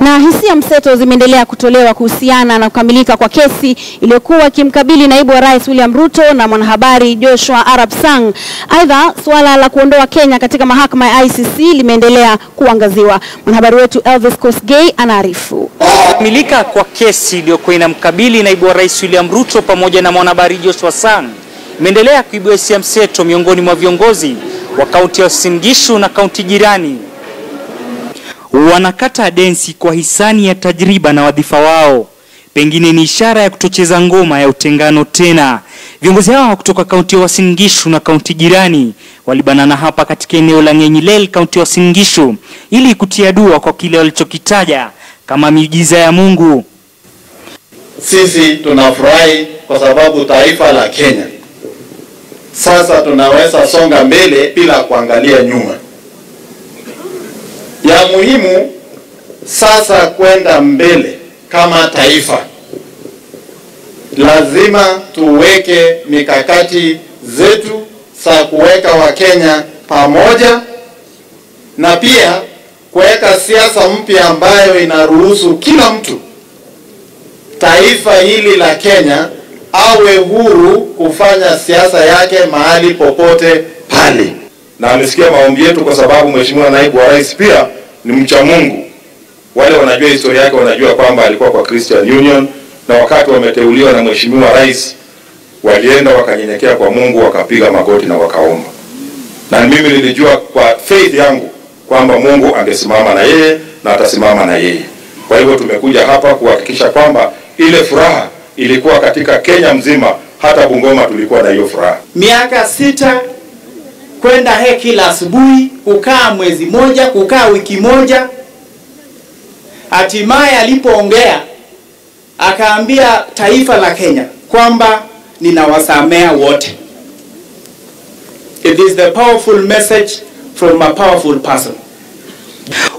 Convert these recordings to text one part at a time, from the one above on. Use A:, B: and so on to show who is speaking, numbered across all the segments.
A: Na hisia mseto zimeendelea kutolewa kuhusiana na kukamilika kwa kesi iliyokuwa ikimkabili naibu wa rais William Ruto na mwanahabari Joshua arab Sang. Aidha, suala la kuondoa Kenya katika mahakama ya ICC limeendelea kuangaziwa. Mwanahabari wetu Elvis Kosgei anaarifu.
B: Kukamilika kwa kesi iliyokuwa inamkabili naibu wa rais William Ruto pamoja na mwanahabari Joshua Sang imeendelea kuibua hisia mseto miongoni mwa viongozi wa kaunti ya Usingishu na kaunti jirani wanakata densi kwa hisani ya tajriba na wadhifa wao. Pengine ni ishara ya kutocheza ngoma ya utengano tena. Viongozi hawa kutoka kaunti ya wasingishu na kaunti jirani walibanana hapa katika eneo la Ngenyilel, kaunti ya wasingishu ili kutia dua kwa kile walichokitaja kama miujiza ya Mungu.
C: Sisi tunafurahi kwa sababu taifa la Kenya sasa tunaweza songa mbele bila kuangalia nyuma ya muhimu sasa kwenda mbele kama taifa, lazima tuweke mikakati zetu za kuweka Wakenya pamoja na pia kuweka siasa mpya ambayo inaruhusu kila mtu taifa hili la Kenya awe huru kufanya siasa yake mahali popote pale
D: na amesikia maombi yetu, kwa sababu mheshimiwa naibu wa rais pia ni mcha Mungu. Wale wanajua historia yake wanajua kwamba alikuwa kwa Christian Union, na wakati wameteuliwa na mheshimiwa rais walienda wakanyenyekea kwa Mungu, wakapiga magoti na wakaomba, na mimi nilijua kwa faith yangu kwamba Mungu angesimama na yeye na atasimama na yeye. Kwa hivyo tumekuja hapa kuhakikisha kwamba ile furaha ilikuwa katika Kenya mzima, hata Bungoma tulikuwa na hiyo furaha.
E: Miaka sita kwenda he kila asubuhi, kukaa mwezi moja, kukaa wiki moja. Hatimaye alipoongea akaambia taifa la Kenya kwamba ninawasamea wote.
F: It is the powerful message from a powerful person.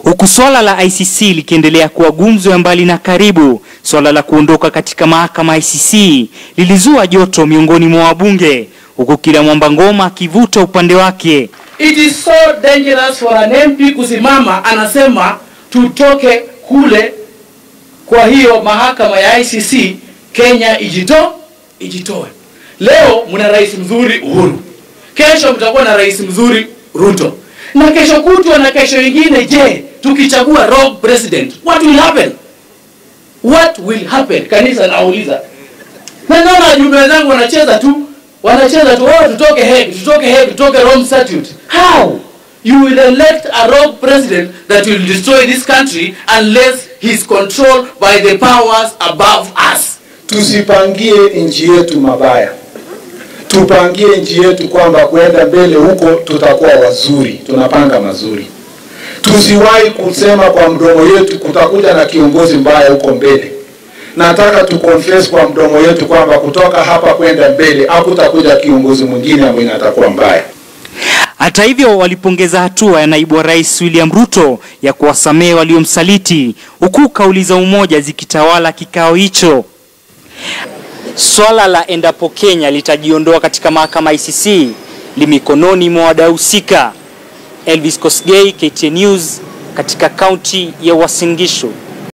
A: Huku swala la ICC likiendelea kuwa gumzo ya mbali na karibu, swala la kuondoka katika mahakama ICC lilizua joto miongoni mwa wabunge huku kila mwamba ngoma akivuta upande wake.
G: It is so dangerous for an MP kusimama anasema tutoke kule. Kwa hiyo mahakama ya ICC Kenya ijito ijitoe. Leo mna rais mzuri Uhuru, kesho mtakuwa na rais mzuri Ruto, na kesho kutwa na kesho ingine. Je, tukichagua rogue president, what will happen? What will happen? Kanisa nauliza, na naona wajumbe wenzangu wanacheza tu wanacheza tu wao, oh, tutoke Hague, tutoke Hague, tutoke Rome Statute. How? You will elect a rogue president that will destroy this country unless he is controlled by the powers above us.
H: Tusipangie nchi yetu mabaya, tupangie nchi yetu kwamba kwenda mbele huko tutakuwa wazuri, tunapanga mazuri. Tusiwahi kusema kwa mdomo yetu kutakuja na kiongozi mbaya huko mbele nataka confess kwa mdomo wetu kwamba kutoka hapa kwenda mbele hakutakuja kiongozi mwingine ambaye atakuwa mbaya.
A: Hata hivyo walipongeza hatua ya naibu wa rais William Ruto ya kuwasamehe waliomsaliti, huku kauli za umoja zikitawala kikao hicho. Swala la endapo Kenya litajiondoa katika mahakama ICC limikononi mwa wadau husika. Elvis Kosgei, KTN News, katika kaunti ya Uasin Gishu.